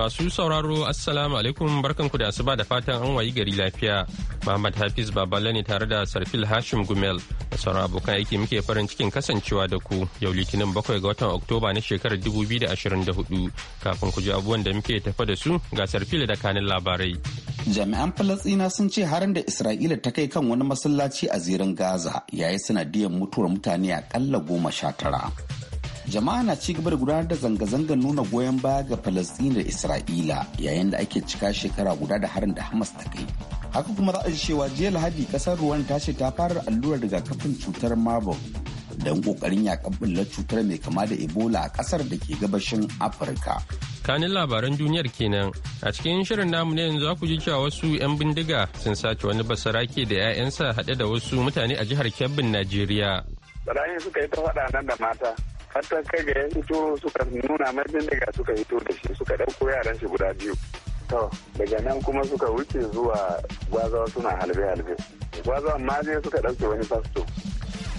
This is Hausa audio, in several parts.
Masu sauraro Assalamu alaikum ku da asuba da fatan an wayi gari lafiya. Muhammad Hafiz Baballe ne tare da Sarfil Hashim Gumel da sauran abokan aiki muke farin cikin kasancewa da ku yau Litinin bakwai ga watan Oktoba na shekarar 2024 kafin ku ji abubuwan da muke tafa da su ga Sarfil da kanin labarai. Jami'an Falasɗina sun ce harin da Isra'ila ta kai kan wani masallaci a zirin Gaza yayi sanadiyar mutuwar mutane akalla goma sha tara. jama'a na ci gaba da gudanar da zanga-zangar nuna goyon baya ga falastina da isra'ila yayin da ake cika shekara guda da harin da hamas ta kai haka kuma za a cewa jiya lahadi kasar ruwan ta ce ta fara allurar rigakafin cutar marburg don kokarin yakan bullar cutar mai kama da ebola a kasar da ke gabashin afirka kanin labaran duniyar kenan a cikin shirin namu ne yanzu ku ji cewa wasu 'yan bindiga sun sace wani basarake da 'ya'yansa haɗe da wasu mutane a jihar kebbin najeriya tsarani suka yi ta faɗa nan da mata hatta kai ga yan to suka nuna madin daga suka hito da shi suka dauko yaran shi guda biyu to daga nan kuma suka wuce zuwa gwazawa suna halbe-halbe gwazawa ma je suka dauke wani fasto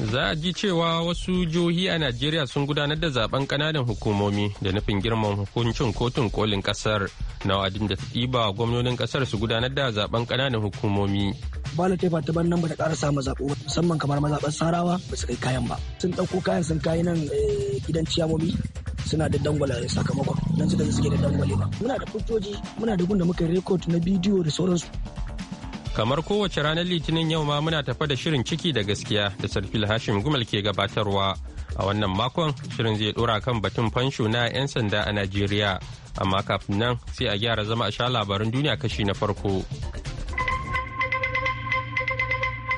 za a ji cewa wasu jihohi a najeriya sun gudanar da zaben kananan hukumomi da nufin girman hukuncin kotun kolin kasar na wadin da ta ɗiba gwamnonin kasar su gudanar da zaben kananan hukumomi Ba na ta ta ban nan ba ta ƙara samu zaɓo musamman kamar mazaɓar sarawa ba su kai kayan ba sun ɗauko kayan sun kayi nan eh, gidan ciyamomi suna da dangwala sakamakon don su da suke da dangwale ba muna da hujjoji muna da gun da muka yi rekod na bidiyo da sauransu Kamar kowace ranar Litinin yau ma muna tafa da shirin ciki da gaskiya da Sarfil Hashim Gumal ke gabatarwa. A wannan makon shirin zai dora kan batun fansho na 'yan sanda a Najeriya. Amma kafin nan sai a gyara zama a sha labarin duniya kashi na farko.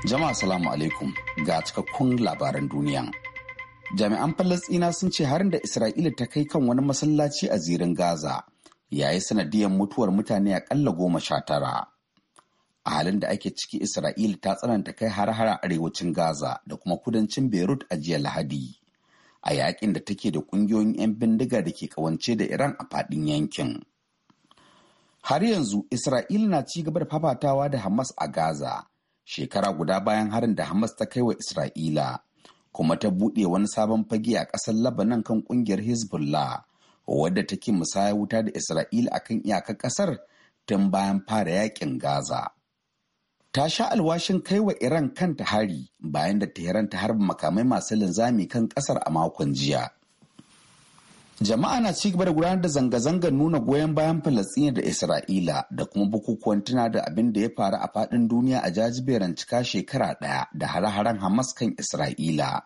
Jama'a salamu alaikum ga cikakkun labaran duniya. Jami'an Falasɗina sun ce harin da Isra'ila ta kai kan wani masallaci a zirin Gaza. yayi sanadiyar mutuwar mutane akalla goma sha tara a halin da ake ciki Isra'il ta tsananta kai har-hara arewacin gaza da kuma kudancin beirut a jiya lahadi a yakin da take da kungiyoyin 'yan bindiga da ke kawance da iran a fadin yankin har yanzu Isra'il na ci gaba da fafatawa da hamas a gaza shekara guda bayan harin da hamas ta kai wa isra'ila kuma ta buɗe wani sabon fage a ƙasar labanan kan ƙungiyar hezbollah wadda take musaya wuta da isra'ila akan iyakar ƙasar tun bayan fara yakin gaza ta sha alwashin kai wa Iran kanta hari bayan da Tehran ta harba makamai masu linzami kan kasar a makon jiya. Jama'a na ci gaba da gudanar da zanga-zangar nuna goyon bayan Falasɗina da Isra'ila da kuma bukukuwan tuna da abin da ya faru a faɗin duniya a jajiberan cika shekara ɗaya da hare-haren Hamas kan Isra'ila.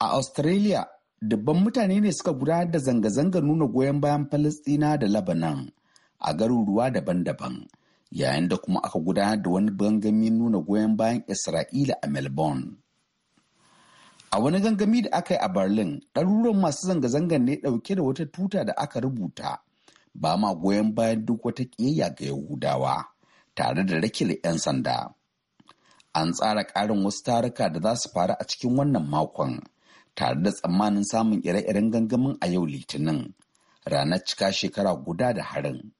A Australia, dubban mutane ne suka gudanar da zanga-zangar nuna goyon bayan Falasɗina da labanan a garuruwa daban-daban. yayin da kuma aka gudanar da wani gangami nuna goyon bayan isra'ila a melbourne a wani gangami da aka yi a berlin ɗaruruwan masu zanga-zangar ne ɗauke da wata tuta da aka rubuta ba ma goyon bayan duk wata ƙiyayya ga yahudawa tare da rakil 'yan sanda an tsara ƙarin wasu taruka da za su faru a cikin wannan makon tare da tsammanin samun ire-iren gangamin a yau litinin ranar cika shekara guda da harin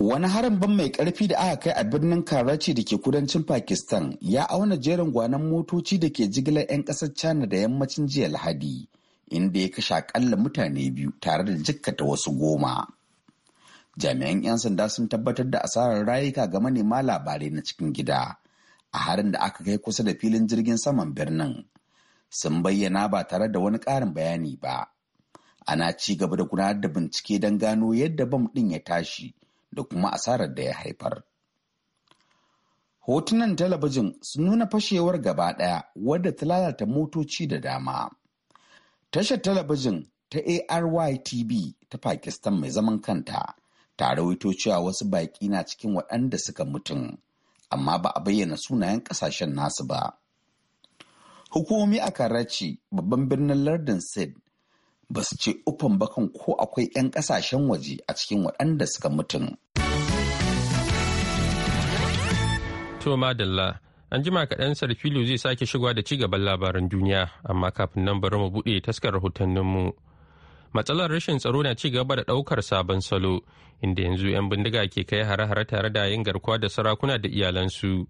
Wani harin ban mai karfi da aka kai a birnin Karachi da ke kudancin Pakistan ya auna jerin gwanan motoci da ke jigilar 'yan ƙasar China da yammacin jiya Lahadi, inda ya kashe akalla mutane biyu tare da jikkata wasu goma. Jami'an 'yan sanda sun tabbatar da asarar rayuka ga manema labarai na cikin gida a harin da aka kai kusa da filin jirgin saman birnin. Sun bayyana ba tare da wani ƙarin bayani ba. Ana ci gaba da gudanar da bincike don gano yadda bam ɗin ya tashi. da kuma asarar da ya haifar. Hotunan talabijin sun nuna fashewar gaba ɗaya wadda ta lalata motoci da dama. Tashar talabijin ta ARYTV ta Pakistan mai zaman kanta ta rawaito cewa wasu baƙi na cikin waɗanda suka mutum, amma ba a bayyana sunayen ƙasashen nasu ba. Hukumomi a Karachi babban birnin lardin Sid ba su ce ufan bakan ko akwai 'yan ƙasashen waje a cikin waɗanda suka mutum. To madalla, an jima kaɗan sarfilo zai sake shigowa da ci gaban labaran duniya, amma kafin nan bari mu buɗe taskar rahotanninmu. Matsalar rashin tsaro na ci gaba da ɗaukar sabon salo, inda yanzu 'yan bindiga ke kai hare-hare tare da yin garkuwa da sarakuna da iyalansu.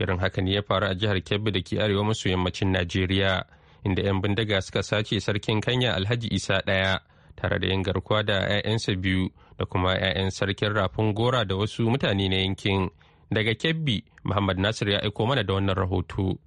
Irin haka ne ya faru a jihar Kebbi da ke arewa maso yammacin Najeriya, inda 'yan bindiga suka sace sarkin Kanya Alhaji Isa ɗaya. tare da yin garkuwa da 'ya'yansa biyu da kuma 'ya'yan sarkin rafin gora da wasu mutane na yankin Daga Kebbi, Muhammad Nasir ya aiko mana da wannan rahoto.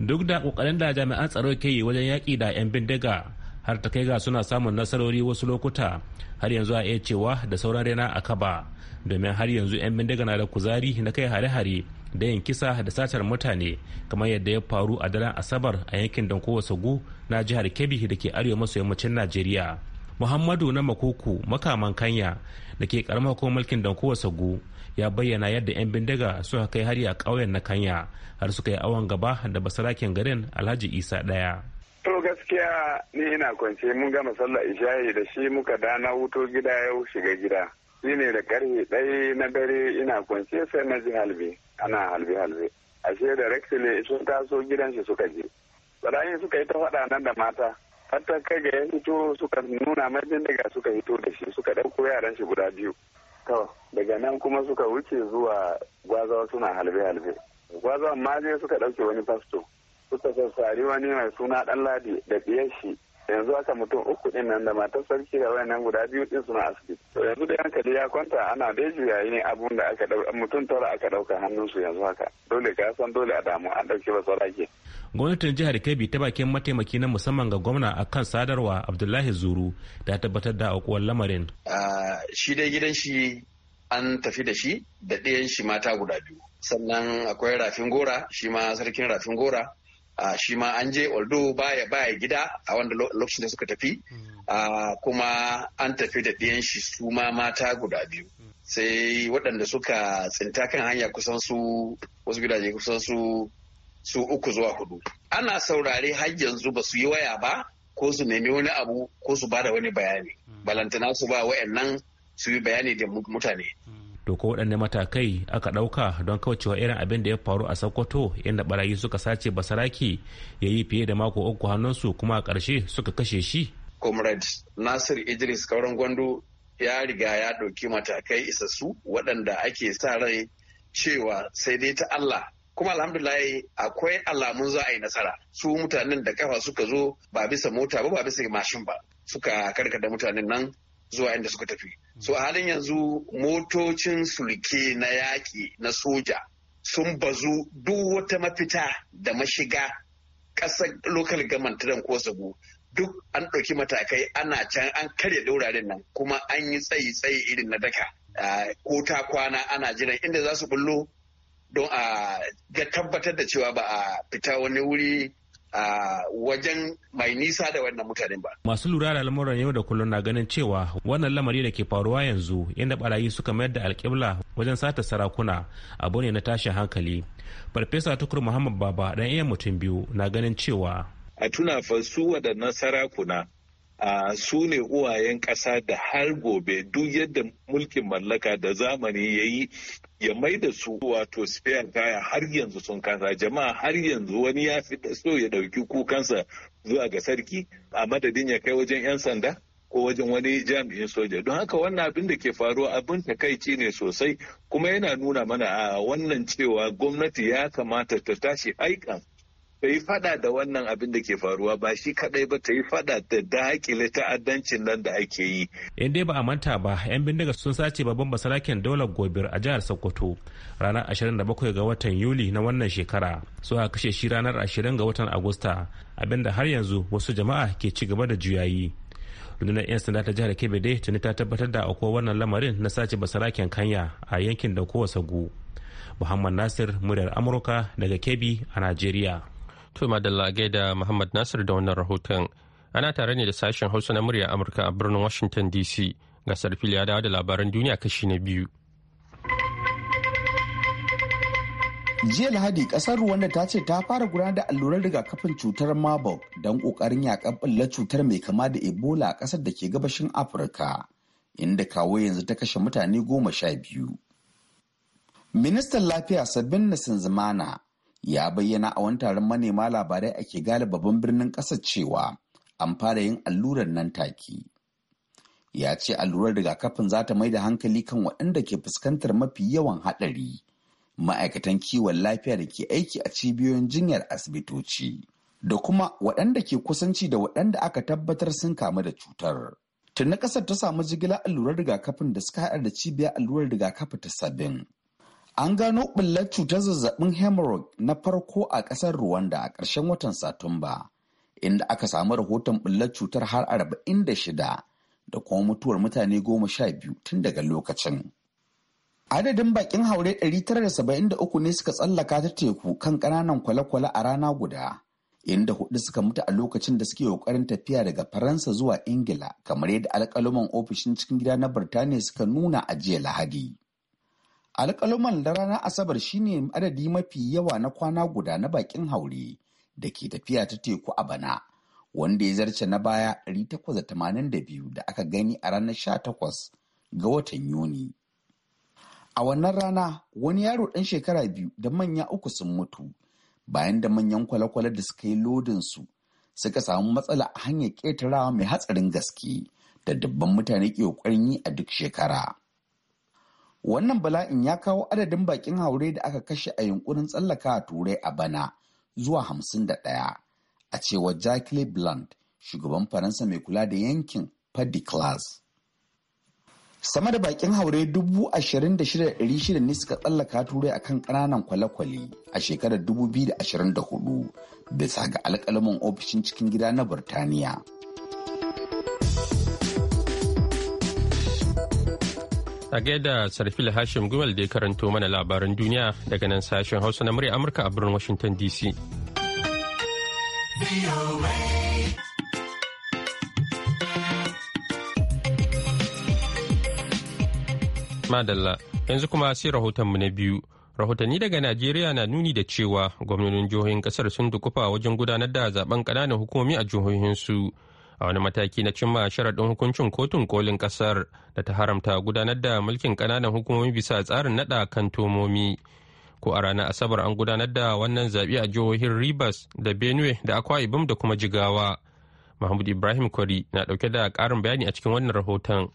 Duk da kokarin da jami'an tsaro ke yi wajen yaƙi da 'yan bindiga har ta kai ga suna samun nasarori wasu lokuta har yanzu a iya cewa da sauran rena a kaba domin har yanzu 'yan bindiga na da kuzari na kai hare-hare da yin kisa da satar mutane kamar yadda ya faru a daren asabar a yankin dankowa sagu na jihar kebbi da ke arewa maso yammacin najeriya muhammadu na makoko makaman kanya da ke karamar hukumar mulkin dankowa sagu ya bayyana yadda 'yan bindiga suka kai hari a ƙauyen na kanya har suka yi awon gaba da basaraken garin alhaji isa ɗaya. to gaskiya ni ina kwance mun gama sallar ishayi da shi muka dana wuto gida yau shiga gida shi ne da karfe ɗaya na dare ina kwance sai na ji halbe ana halbe halbe ashe da rexile sun taso gidan shi suka je tsarayin suka yi ta faɗa nan da mata fatan kai ga ya fito suka nuna mai bindiga suka hito da shi suka ɗauko yaran shi guda biyu to daga nan kuma suka wuce zuwa gwazawa suna halbe-halbe gwazawan ma je suka ɗauke wani fasto suka sassari wani mai suna ɗan ladi da biyar shi yanzu aka mutum uku ɗin nan da matar sarki da nan guda biyu din suna asibiti to yanzu da hankali ya kwanta ana dai yayi ne abun da aka mutum tara aka ɗauka hannunsu yanzu haka dole ka san dole a damu an ɗauke ba sarake gwamnatin jihar kebbi ta bakin mataimaki na musamman ga gwamna a kan sadarwa abdullahi zuru ta tabbatar da aukuwar lamarin shi dai gidan shi an tafi da shi da ɗayan shi mata guda biyu sannan akwai rafin gora shi ma sarkin rafin gora shi ma an je oldo baya baya gida a wanda lokacin da suka tafi kuma an tafi da ɗayan shi su ma mata guda biyu sai waɗanda suka tsinta kan hanya kusan su wasu gidaje kusan su su uku zuwa hudu ana saurare har yanzu ba su yi waya ba ko su nemi wani abu ko su ba da wani bayani balantana su ba wa'annan su yi bayani da mutane to ko waɗanne matakai aka ɗauka don kaucewa irin abin da ya faru a sokoto inda barayi suka sace basaraki ya yi fiye da mako uku hannunsu kuma a ƙarshe suka kashe shi comrade nasir idris kauran gwando ya riga ya ɗauki matakai isassu waɗanda ake sa rai cewa sai dai ta allah kuma alhamdulahi akwai alamun za a yi nasara su mutanen da kafa suka zo ba bisa mota ba ba bisa mashin ba suka karkata mutanen nan zuwa inda suka tafi so a halin yanzu motocin sulke na yaƙi na soja sun bazu duk wata mafita da mashiga ƙasar lokal gaman tiran ko sabu duk an ɗauki matakai ana can an karya wuraren nan kuma an yi tsayi tsayi irin na daka ah, ko ta kwana ana jiran inda za su bullo don a ga tabbatar da cewa ba a fita wani wuri a wajen mai nisa da wannan mutanen ba. Masu lura da lamuran yau da kullum na ganin cewa wannan lamari da ke faruwa yanzu inda barayi suka mayar da alƙibla wajen sata sarakuna abu ne na tashin hankali. Farfesa Tukur Muhammad Baba ɗan iya mutum biyu na ganin cewa. A tuna fa su waɗannan sarakuna su ne uwayen ƙasa da har gobe duk yadda mulkin mallaka da zamani ya yi ya mai da su wato spare kaya har yanzu sun kasa jama'a har yanzu wani ya fi so ya ɗauki kukansa zuwa ga sarki a madadin ya kai wajen 'yan sanda ko wajen wani jami'in soja don haka wannan abin da ke faruwa abin takaici ne sosai kuma yana nuna mana a wannan cewa gwamnati ya kamata ta tashi aikan ta yi fada da wannan abin da ke faruwa ba shi kadai ba ta yi fada da dakile ta'addancin nan da ake yi. In dai ba a manta ba, 'yan bindiga sun sace babban basarakin daular gobir a jihar Sokoto ranar 27 ga watan Yuli na wannan shekara. So a kashe shi ranar 20 ga watan Agusta, abinda har yanzu wasu jama'a ke ci gaba da juyayi. rundunar 'yan sanda ta jihar kebbi dai tuni ta tabbatar da akwai wannan lamarin na sace basarakin kanya a yankin da kowa sagu muhammad nasir muryar amurka daga kebbi a najeriya To Madalla da Muhammad Nasir da wannan rahoton. Ana tare ne da sashen Hausa na murya Amurka a birnin Washington DC. Ga sarfil ya dawo da labaran duniya kashi na biyu. jiya lahadi kasar rwanda ta ce ta fara gudanar da allurar rigakafin cutar marburg don kokarin yakan ɓulla cutar mai kama da ebola a kasar da ke gabashin afirka inda kawo yanzu ta kashe mutane goma sha biyu ministan lafiya sabbin nasin zamana ya bayyana a wani taron manema labarai ake gane babban birnin ƙasar cewa an fara yin allurar nan take ya ce allurar rigakafin za ta mai da hankali kan waɗanda ke fuskantar mafi yawan haɗari ma'aikatan kiwon lafiya da ke aiki a cibiyoyin jinyar asibitoci da kuma waɗanda ke kusanci da waɗanda aka tabbatar sun kamu da cutar tuni ƙasar ta samu jigilar allurar rigakafin da suka haɗa da cibiyar allurar rigakafi ta sabbin An gano ɓullar cutar zazzabin hemorrhoid na farko a ƙasar Rwanda a ƙarshen watan Satumba, inda aka samu rahoton ɓullar cutar har 46 da kuma mutuwar mutane goma sha biyu tun daga lokacin. Adadin bakin haure 973 ne suka tsallaka ta teku kan ƙananan kwale-kwale a rana guda, inda hudu suka mutu a lokacin da suke ƙoƙarin tafiya daga Faransa zuwa Ingila, kamar yadda alƙaluman ofishin cikin gida na Birtaniya suka nuna a jiya Lahadi. alƙaluman da ranar asabar shine adadi mafi yawa na kwana guda na bakin haure da ke tafiya ta teku a bana wanda ya zarce na baya 882 da aka gani a ranar 18 ga watan yuni a wannan rana wani yaro ɗan shekara biyu da manya uku sun mutu bayan da manyan kwale-kwale da suka yi lodinsu suka samu matsala a hanyar ƙetarawa mai hatsarin gaske da dubban mutane ke yi a duk shekara. wannan bala'in ya kawo adadin bakin haure da aka kashe a yunkurin tsallaka turai a bana zuwa hamsin da ɗaya, a cewa jacqueline blunt shugaban faransa mai kula da yankin paddy class sama da bakin haure 26,600 ne suka tsallaka turai a kan ƙananan kwale-kwale a shekarar 2024 bisa ga alkalamin ofishin cikin gida na burtaniya A gaida sarfila Hashim Gumel da ya karanto mana labaran duniya daga nan sashen Hausa na murya Amurka a birnin Washington DC. Madalla, yanzu kuma sai rahotonmu na biyu. Rahotanni daga Najeriya na nuni da cewa gwamnonin jihohin kasar sun dukufa wajen gudanar da zaben ƙananan hukumomi a jihohinsu. su. a wani mataki na cimma sharaɗin hukuncin kotun kolin ƙasar da ta haramta gudanar da mulkin ƙananan hukumomi bisa tsarin naɗa kan tomomi ko a ranar asabar an gudanar da wannan zaɓe a jihohin ribas da benue da akwa ibom da kuma jigawa mahmud ibrahim kwari na ɗauke da ƙarin bayani a cikin wannan rahoton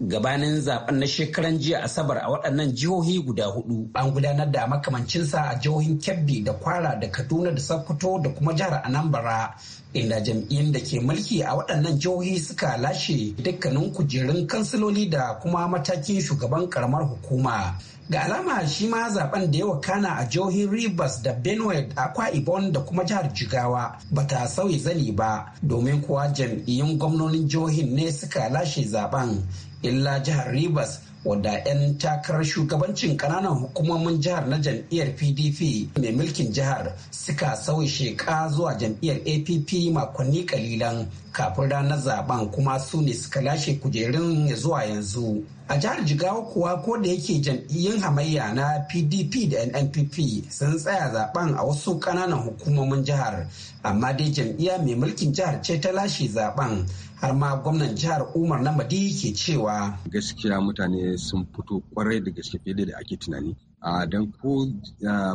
gabanin zaben na shekaran jiya asabar a waɗannan jihohi guda hudu an gudanar da makamancinsa a jihohin kebbi da kwara da kaduna da sokoto da kuma jihar anambra inda jam'iyyun da ke mulki a waɗannan jihohi suka lashe dukkanin kujerun kansiloli da kuma matakin shugaban karamar hukuma ga alama shi ma zaben da yawa kana a jihohin rivers da benue akwa ibon da kuma jihar jigawa ba ta sauyi zani ba domin kuwa jam'iyyun gwamnonin jihohin ne suka lashe zaben illa jihar Rivers wanda 'yan takarar shugabancin kananan hukumomin jihar na jam'iyyar PDP mai mulkin jihar suka sauyi sheka zuwa jam'iyyar APP makonni kalilan kafin ranar zaben kuma su ne suka lashe kujerun ya zuwa yanzu. A jihar Jigawa kuwa ko da yake jam'iyyun hamayya na PDP da NNPP sun tsaya zaben a wasu kananan hukumomin jihar amma dai jam'iyya mai mulkin jihar ce ta lashe zaben har ma gwamnan jihar umar na madi ke cewa gaskiya mutane sun fito kwarai da gaske fiye da ake tunani a don ko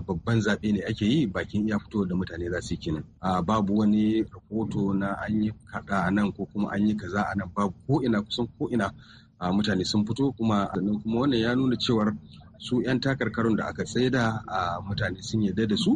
babban zaɓe ne ake yi bakin iya fito da mutane za su kina a babu wani rahoto na an yi kaɗa a nan ko kuma an yi kaza a nan babu ko ina kusan ko ina mutane sun fito kuma kuma wannan ya nuna cewar su 'yan takarkarun da aka tsaida a mutane sun yarda da su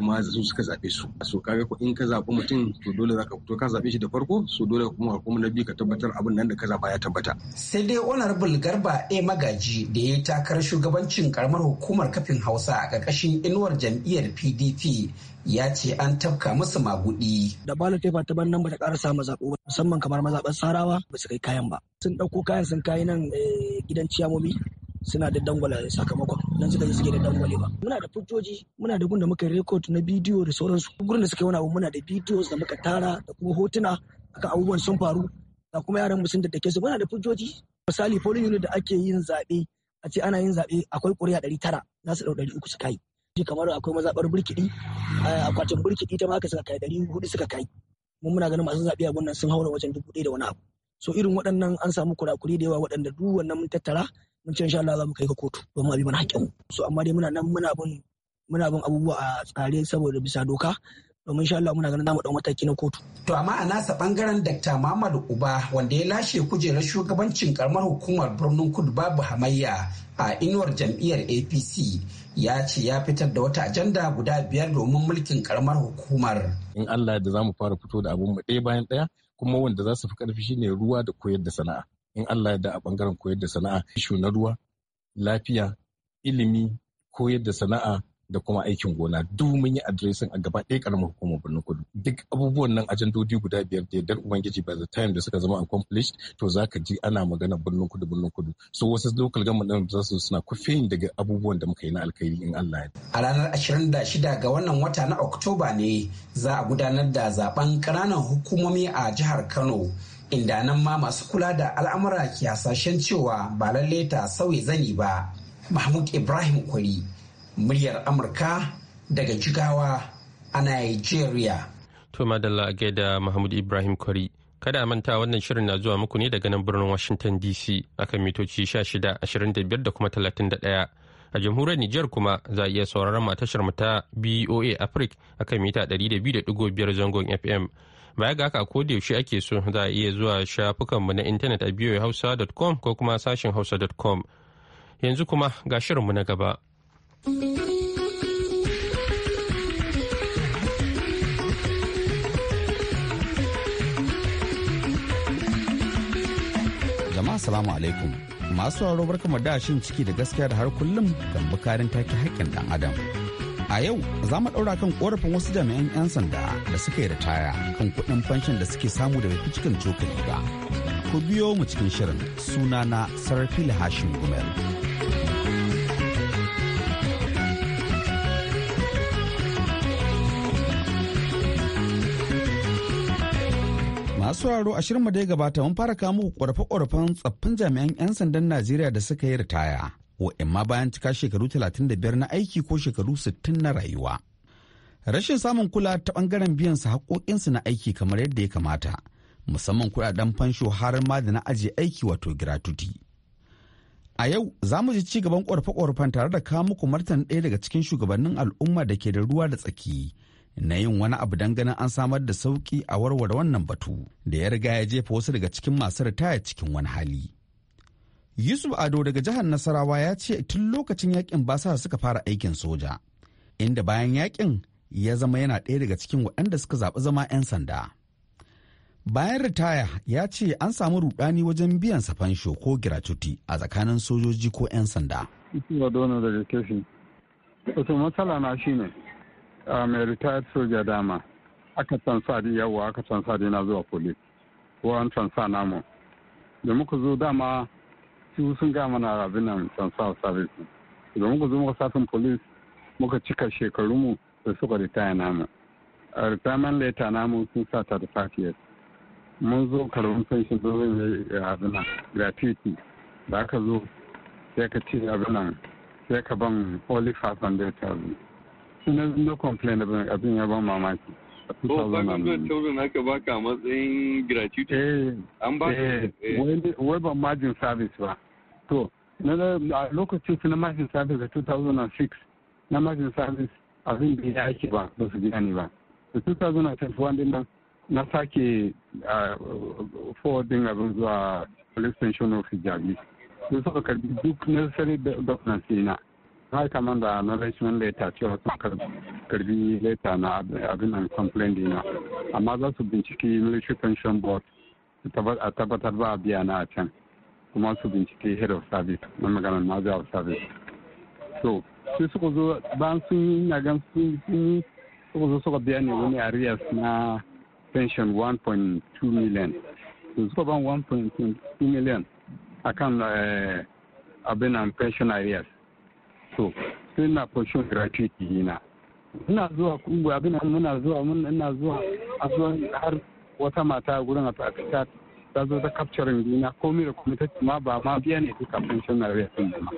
kuma su suka zaɓe su so kaga ko in ka zaɓi mutum to dole zaka fito ka zaɓe shi da farko so dole kuma kuma na biyu ka tabbatar abin nan da ka zaɓa ya tabbata sai dai honorable garba a magaji da ya takarar shugabancin karamar hukumar kafin hausa a ƙarƙashin inuwar jam'iyyar pdp ya ce an tafka musu magudi. Da bala tefa ta bannan bata karasa mazaɓo ba musamman kamar mazaɓar sarawa ba su kai kayan ba. Sun ɗauko kayan sun kayi nan eh, gidan ciyamomi suna da dangwala sakamakon nan suka yi suke da dangwale ba muna da hujjoji muna da gunda muka record na bidiyo da sauransu gurin da suka yi wani abu muna da bidiyo da muka tara da kuma hotuna aka abubuwan sun faru da kuma yaran mu sun daddake su muna da hujjoji misali polling unit da ake yin zaɓe a ce ana yin zaɓe akwai ƙuri'a ɗari tara za su ɗau ɗari uku su kai kamar akwai mazaɓar birkiɗi eh, akwatin birkiɗi ta ma haka suka kai ɗari hudu suka kai mun muna ganin masu zaɓe a gunnan sun haura wajen dubu ɗaya da wani abu so irin waɗannan an samu kurakuri da yawa waɗanda duk wannan mun tattara mun ce insha Allah za mu kai ka kotu domin abin mana haƙƙin so amma dai muna nan muna bin muna bin abubuwa a tsare saboda bisa doka domin insha Allah muna ganin zamu dau mataki na kotu. To amma a nasa bangaren Dr. Muhammad Uba wanda ya lashe kujerar shugabancin karamar hukumar birnin Kudu babu hamayya a inuwar jam'iyyar APC ya ce ya fitar da wata ajanda guda biyar domin mulkin karamar hukumar. In Allah da zamu fara fito da abun mu ɗaya bayan ɗaya kuma wanda za su fi ƙarfi shine ruwa da koyar da sana'a. in Allah da a bangaren koyar da sana'a ishu na ruwa lafiya ilimi koyar da sana'a da kuma aikin gona duk mun yi adiresin a gaba ɗaya karamar hukumar birnin kudu duk abubuwan nan ajandodi guda biyar da yardar ubangiji by the time da suka zama accomplished to za ka ji ana magana birnin kudu birnin kudu so wasu local government ɗin za su suna kufin daga abubuwan da muka yi na alkhairi in Allah ya a ranar 26 ga wannan wata na oktoba ne za a gudanar da zaben ƙananan hukumomi a jihar kano inda nan ma masu kula da al'amura ke hasashen cewa ba lalle ta sauya zani ba mahmud ibrahim kwari muryar amurka daga jigawa a nigeria to madalla a gaida mahmud ibrahim kwari kada a manta wannan shirin na zuwa muku ne daga nan birnin washington dc kan mitoci 16 da kuma 31 a jamhuriyar Nijar kuma za a iya sauraron matashar mu ta BOA Africa akan mita 200.5 zangon FM baya ga haka ko da yaushe ake so za a iya zuwa shafukanmu na intanet a biyo biyoyihausa.com ko kuma sashin hausa.com yanzu kuma ga shirinmu na gaba. jama'a salamu alaikum masu sauraro barkamu da shin ciki da gaskiya da har kullum kan bukarin take hakkin ɗan adam A yau za mu ɗaura kan korafin wasu jami'an 'yan sanda da suka yi ritaya kan kuɗin fanshin da suke samu daga cikin cokali ba. Ku biyo mu cikin shirin sunana Sarfil Hashim Gumel. masu sauraro a shirin da ya gabata mun fara kawo muku ƙorafe-ƙorafen tsaffin jami'an 'yan sandan Najeriya da suka yi ritaya ko imma bayan cika shekaru 35 na aiki ko shekaru 60 na rayuwa. Rashin samun kula ta bangaren biyan su haƙoƙinsu na aiki kamar yadda ya kamata, musamman kuɗaɗen fansho har ma da na ajiye aiki wato giratuti. A yau za mu ji ci gaban ƙorafe-ƙorafen tare da kawo muku martan ɗaya daga cikin shugabannin al'umma da ke da ruwa da tsaki na yin wani abu don ganin an samar da sauki a warware wannan batu da ya riga ya jefa wasu daga cikin masu ritaya cikin wani hali. Yusuf Ado daga jihar Nasarawa ya ce tun lokacin yakin basa suka fara aikin soja, inda bayan yakin ya zama yana ɗaya daga cikin waɗanda suka zaɓi zama 'yan sanda. Bayan ritaya ya ce an samu rudani wajen biyan sa fansho ko giratuti a tsakanin sojoji ko 'yan sanda. Wato matsala na shi ne, mai soja dama, aka sa di yawa aka sa di na zuwa police, ko an sa namu. Da muka zo dama su sun ga mana abin nan sa service da muka zo muka safin police muka cika shekaru mu da suka ritaya namu a retirement letter namu sun sa ta da years mun zo karbin pension zo zai eh, abin nan gratuity da aka zo sai ka ci abin nan sai ka ban and 500,000 shi na zo complain abin ya ban mamaki So, 500,000 aka baka matsayin gratuity? Eh, an ba eh, eh. wai ban margin service ba. To, na lokacin su na margin service a 2006, na margin service abin da ya ake ba, ba su biya ni ba. Da 2021 din nan, na sake forwarding abin zuwa police station of Jabi. Sun suka karbi duk necessary documents na. har kamar da na rashin leta cewa sun karbi leta na abin an complain dina amma za su binciki military pension board a tabbatar ba a biya na a can kuma su binciki head of service na maganar maza of service so sai suka zo bayan sun yi na gan sun yi suka zo suka biya ne wani arias na pension 1.2 million su suka ban 1.2 million a kan eh, abin pension arias to suna portion gratuity yana ina zuwa kungiya abin muna zuwa mun ina zuwa a har wata mata gurin a ta ta zo ta capturing gina komai da komai ta ma ba ma biya ne duka pension na rate din ma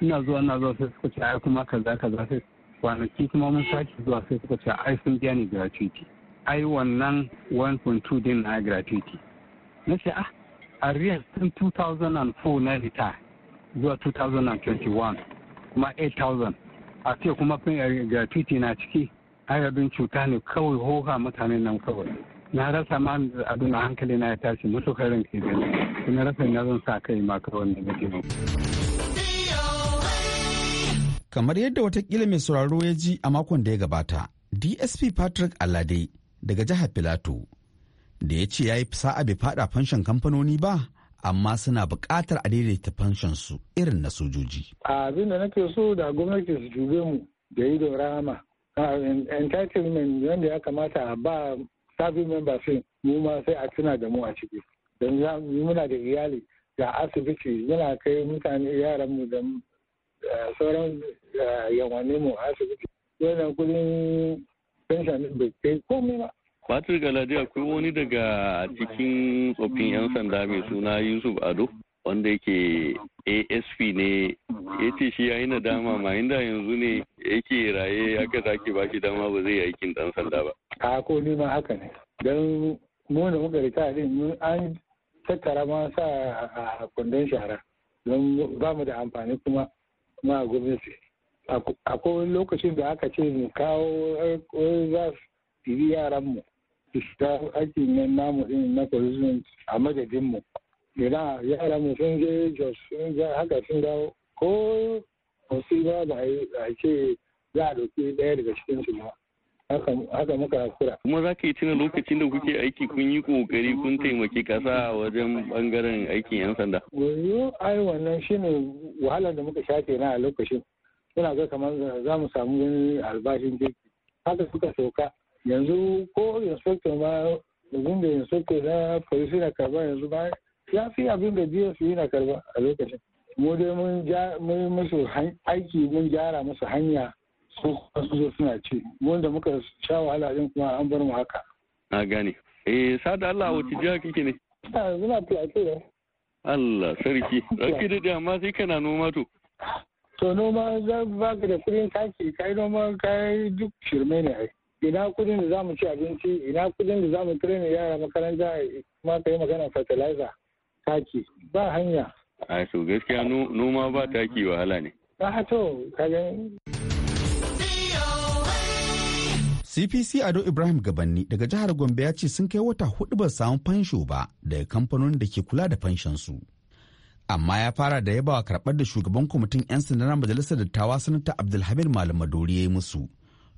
ina zuwa ina zuwa sai suka ce ai kuma kaza kaza sai kwanaki kuma mun sake zuwa sai suka ce ai sun biya ni gratuity ai wannan 1.2 din na gratuity na ce ah arrears tun 2004 na rita zuwa 2021 kuma 8000 a ce kuma eh, ga titi na ciki hayabin cuta ne kawai hoha mutanen nan kawai na rasa ma abin hankali na ya tashi musu ran ke na rasa na zan sa kai ma kawai da nake kamar yadda watakila mai sauraro ya ji a makon da ya gabata dsp patrick alade daga jihar filato da ya ce ya yi sa'a bai fada fanshan kamfanoni ba amma suna buƙatar a daidaita su irin na sojoji. Abin da nake so da gwamnati su jube mu da ido rama. Entitlement wanda ya kamata a ba sabbin member sai mu ma sai a tuna da mu a ciki. Don muna da iyali da asibiti muna kai mutane yaran mu da eh, sauran eh, yawanni mu asibiti. Wannan kudin pension bai kai komai ba. Fatir Galadi akwai wani daga cikin tsoffin 'yan sanda mai suna Yusuf Ado wanda yake ASP ne ya ce shi ya yi nadama ma inda yanzu ne yake raye aka sake ba shi dama ba zai yi aikin dan sanda ba. A ko ni ma haka ne. Don mu da muka rita din an tattara ma sa a kundin shara don ba mu da amfani kuma ma gwamnati. Akwai lokacin da aka ce mu kawo eh, za su yaran mu su aiki aikin nan namu din na tourism a madadinmu mu idan yara mu sun je jos sun ga haka sun dawo ko wasu ba ba a ce za a ɗauki ɗaya daga cikin su ba haka muka kura. Kuma za ka yi tuna lokacin da kuke aiki kun yi kokari kun taimaki kasa wajen bangaren aikin 'yan sanda. Wayo ai wannan shine wahalar da muka shafe na a lokacin. Muna ga kamar za mu samu wani albashin jirgi Haka suka sauka yanzu ko inspector ma abin da inspector na police na karba yanzu ba ya fi abin da dsp na karba a lokacin mu dai mun musu aiki mun gyara musu hanya su zo suna Mu wanda muka sha wahala din kuma an bar mu haka na gane eh sada Allah wace jiya kike ne muna ah, plateau da Allah sarki sarki da da amma sai kana noma to to noma za ka da kudin taki kai noma kai duk shirme ne ai ina kudin da zamu ci abinci ina kudin da zamu train yara makaranta ma kai magana fertilizer taki ba hanya a so gaskiya noma ba taki wahala ne a to kagan CPC Ado Ibrahim Gabanni daga jihar Gombe ya ce sun kai wata hudu ba samu fansho ba daga kamfanonin da ke kula da fanshonsu. Amma ya fara da yabawa karɓar da shugaban kwamitin 'yan sanda na majalisar dattawa sanata Abdulhamid Malam Madori ya yi musu.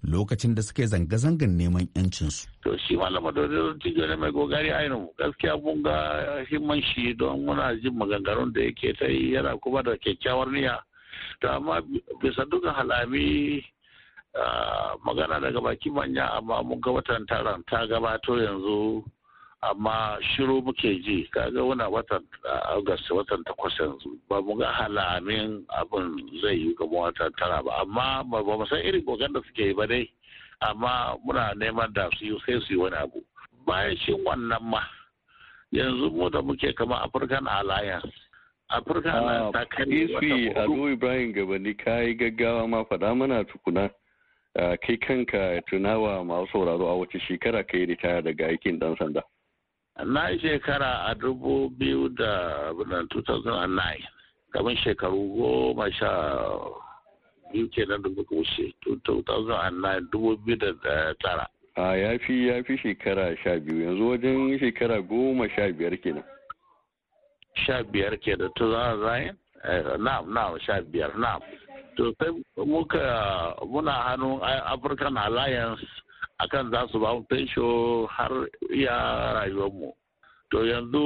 lokacin da suke zanga zangan neman yancinsu. To shi malama da tijo ne mai gogari ainihin gaskiya mun ga himman shi don muna jin maganganun da yake ta yi yana kuma da kyakkyawar niyya. To amma bisa duka halami ah, magana daga baki manya amma mun ga watan taron ta gabato yanzu amma shiru muke ji kaga wani watan august watan takwas yanzu ba mu ga halamin abin zai yi gaba wata tara ba amma ba mu san irin kokarin da suke yi ba dai amma muna neman da su yi sai su yi wani abu bayan shi wannan ma yanzu mu da muke kama african alliance african ah, alliance ta kare wata hudu ibrahim gabani ka yi gaggawa ma faɗa mana tukuna ah, kai kanka tunawa masu sauraro a wace shekara kai ritaya daga aikin dan sanda na yi shekara a dubu biyu da 2009 kamar shekaru goma sha biyu ke nan dubu kushe 2009 dubu biyu da tara a ya fi ya fi shekara sha biyu yanzu wajen shekara goma sha biyar ke nan. sha biyar ke da tu za a na'am na'am sha biyar na'am to sai muka muna hannun african alliance akan za su ba mu fensho har iya rayuwarmu to yanzu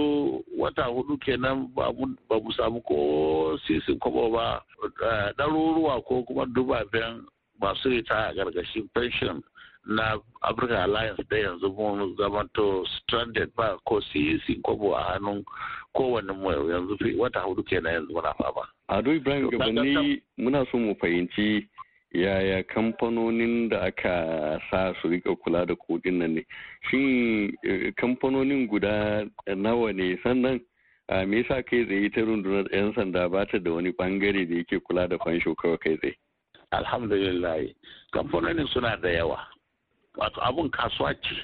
wata hudu kenan ba mu samu ko sisin kwabo ba eh, ɗaruruwa ko kuma dubaben masu rita a gargashin pension na africa alliance da yanzu mun zamanto stranded ba ko sisin kwabo a hannun kowane mu yanzu wata hudu kenan yanzu muna fama ado ibrahim gabani muna so mu fahimci yaya kamfanonin da aka sa su rika kula da kudin nan ne shi eh, kamfanonin guda nawa ne sannan a ah, me yasa kai tsaye ta rundunar 'yan sanda ba ta da wani bangare da yake kula da fansho kawai kai tsaye alhamdulillah kamfanonin suna da yawa wato abun kasuwa ce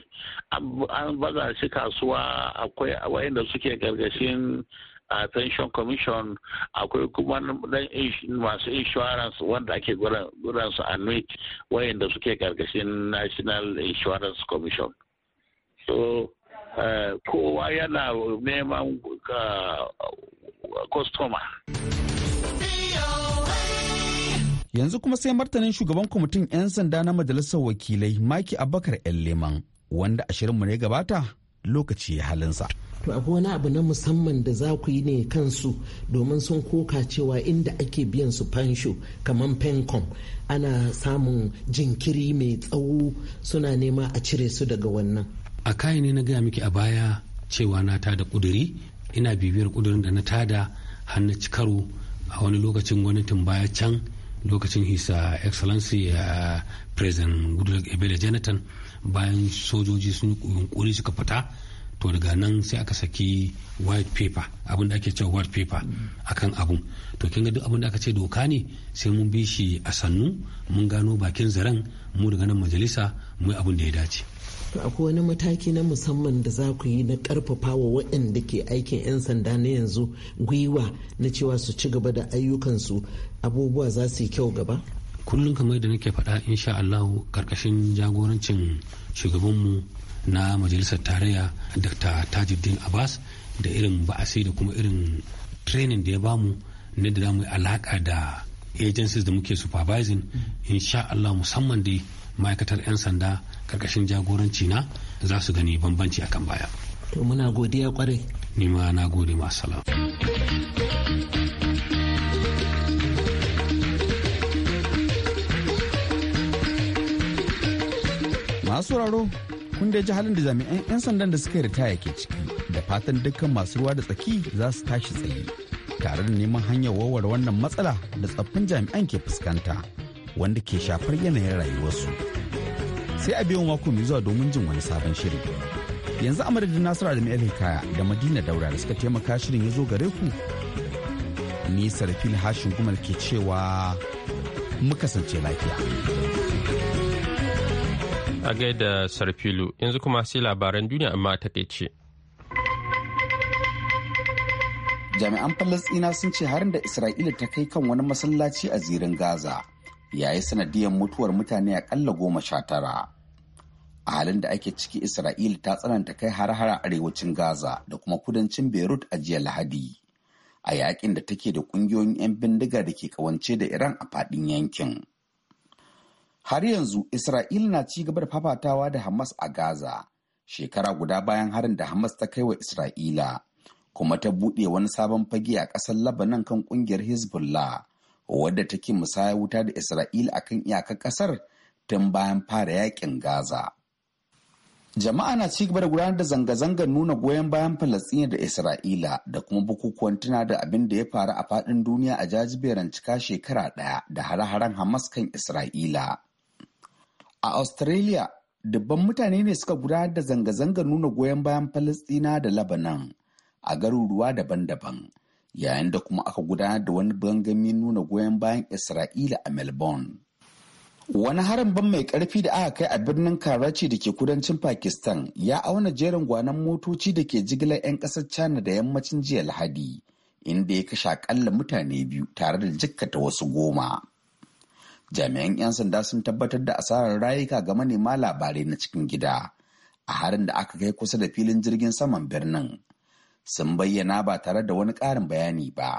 an baza shi kasuwa akwai wayanda suke gargashin a pension commission akwai kuma masu insurance wanda ake guran su annuity wayanda suke karkashin national insurance commission so eh, kowa yana neman eh, customer yanzu kuma sai martanin shugaban kwamitin 'yan sanda na majalisar wakilai maki abakar 'yan leman wanda ashirinmu ne gabata lokaci ya halinsa. to akwai wani abu na musamman da za ku yi ne kansu domin sun koka cewa inda ake biyan su fansho kamar pencom ana samun jinkiri mai tsawo suna nema a cire su daga wannan a kayi ne na gaya miki a baya cewa na tada kuduri ina bibiyar kudurin da na tada hannu cikaru a wani lokacin gwamnatin baya can lokacin hisa uh, excellency uh, president goodluck ebele jonathan bayan sojoji sun yunkuri suka fita to daga nan sai aka saki white paper abin da ake cewa white paper akan abun to kin ga duk abin da aka ce doka ne sai mun bi shi a sannu mun gano bakin zaren mu daga nan majalisa mu abin da ya dace to akwai wani mataki na musamman da za ku yi na karfafawa waɗanda ke aikin 'yan sanda na yanzu gwiwa na cewa su ci gaba da ayyukan su abubuwa za su yi kyau gaba kullum kamar da nake faɗa insha Allah karkashin jagorancin shugabanmu na majalisar tarayya Dr. Tajuddin Abbas da irin ba'asi da kuma irin training da ya bamu na da zamu alaka da agencies da muke supervising insha Allah musamman dai ma'aikatar 'yan sanda karkashin jagoranci na za su gani bambanci akan baya. To muna godiya kwarai. Ni ma na gode ma salam. masu sauraro kun da ji halin da jami'an 'yan sandan da suka ritaya ke ciki da fatan dukkan masu ruwa da tsaki za su tashi tsaye tare da neman hanyar warware wannan matsala da tsaffin jami'an ke fuskanta wanda ke shafar yanayin rayuwarsu sai a biyan mako mai zuwa domin jin wani sabon shiri yanzu a madadin nasiru da mai kaya da madina daura da suka taimaka shirin ya zo gare ku ni sarfil hashin gumal ke cewa muka kasance lafiya A gaida Sarfilu, yanzu kuma sai labaran duniya amma ta ce. Jami'an Falasɗina sun ce harin da Isra'ila ta kai kan wani masallaci a zirin Gaza yayi sanadiyar mutuwar mutane akalla goma sha tara. A halin da ake ciki Isra'ila ta tsananta kai har-hara arewacin Gaza da kuma kudancin Beirut a jiya Lahadi. A yakin da take da kungiyoyin 'yan bindiga da ke kawance da Iran a fadin yankin. Har yanzu Isra'il na ci gaba da fafatawa da Hamas a Gaza shekara guda bayan harin da Hamas ta kai wa Isra'ila kuma ta buɗe wani sabon fage a ƙasar Labanan kan ƙungiyar Hezbollah wadda take musaya wuta da Isra'ila akan iyakar ƙasar tun bayan fara yakin Gaza. Jama'a na ci gaba da gudanar da zanga-zangar nuna goyon bayan Falasɗina da Isra'ila da kuma bukukuwan tuna da abin da ya faru a faɗin duniya a jajiberan cika shekara ɗaya da hare-haren Hamas kan Isra'ila. A Australia, dubban mutane ne suka gudanar da zanga zanga nuna goyon bayan Falastina da Labanan a garuruwa daban-daban, yayin da kuma aka gudanar da wani gangami nuna goyon bayan Isra'ila a Melbourne. Wani harin ban mai ƙarfi da aka kai a birnin Karachi da ke kudancin Pakistan ya auna jerin gwanan motoci da ke jigilar 'yan ƙasar China da yammacin jiya Lahadi, inda ya kashe akalla mutane biyu tare da jikkata wasu goma. jami'an 'yan sanda sun tabbatar da asarar rayuka ga manema labarai na cikin gida a harin da aka kai kusa da filin jirgin saman birnin sun bayyana ba tare da wani ƙarin bayani ba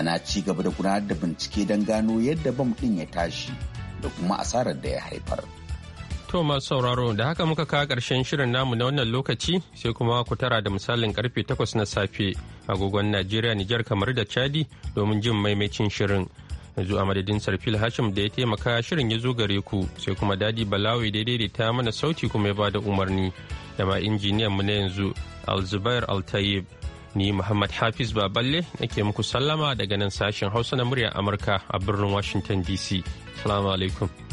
ana ci gaba da gudanar da bincike don gano yadda bam ɗin ya tashi da kuma asarar da ya haifar. To masu sauraro da haka muka kawo ƙarshen shirin namu na wannan lokaci sai kuma ku tara da misalin karfe 8 na safe agogon Najeriya Nijar kamar da Chadi domin jin maimacin shirin. yanzu a madadin sarfil hashim da ya taimaka shirin ya zo gare ku sai kuma dadi balawai daidai da ta mana sauti kuma ya bada umarni da ma injiniyan mu na yanzu alzubair altayib ni muhammad hafiz baballe nake muku sallama daga nan sashen hausa na muryar amurka a birnin washington dc salamu alaikum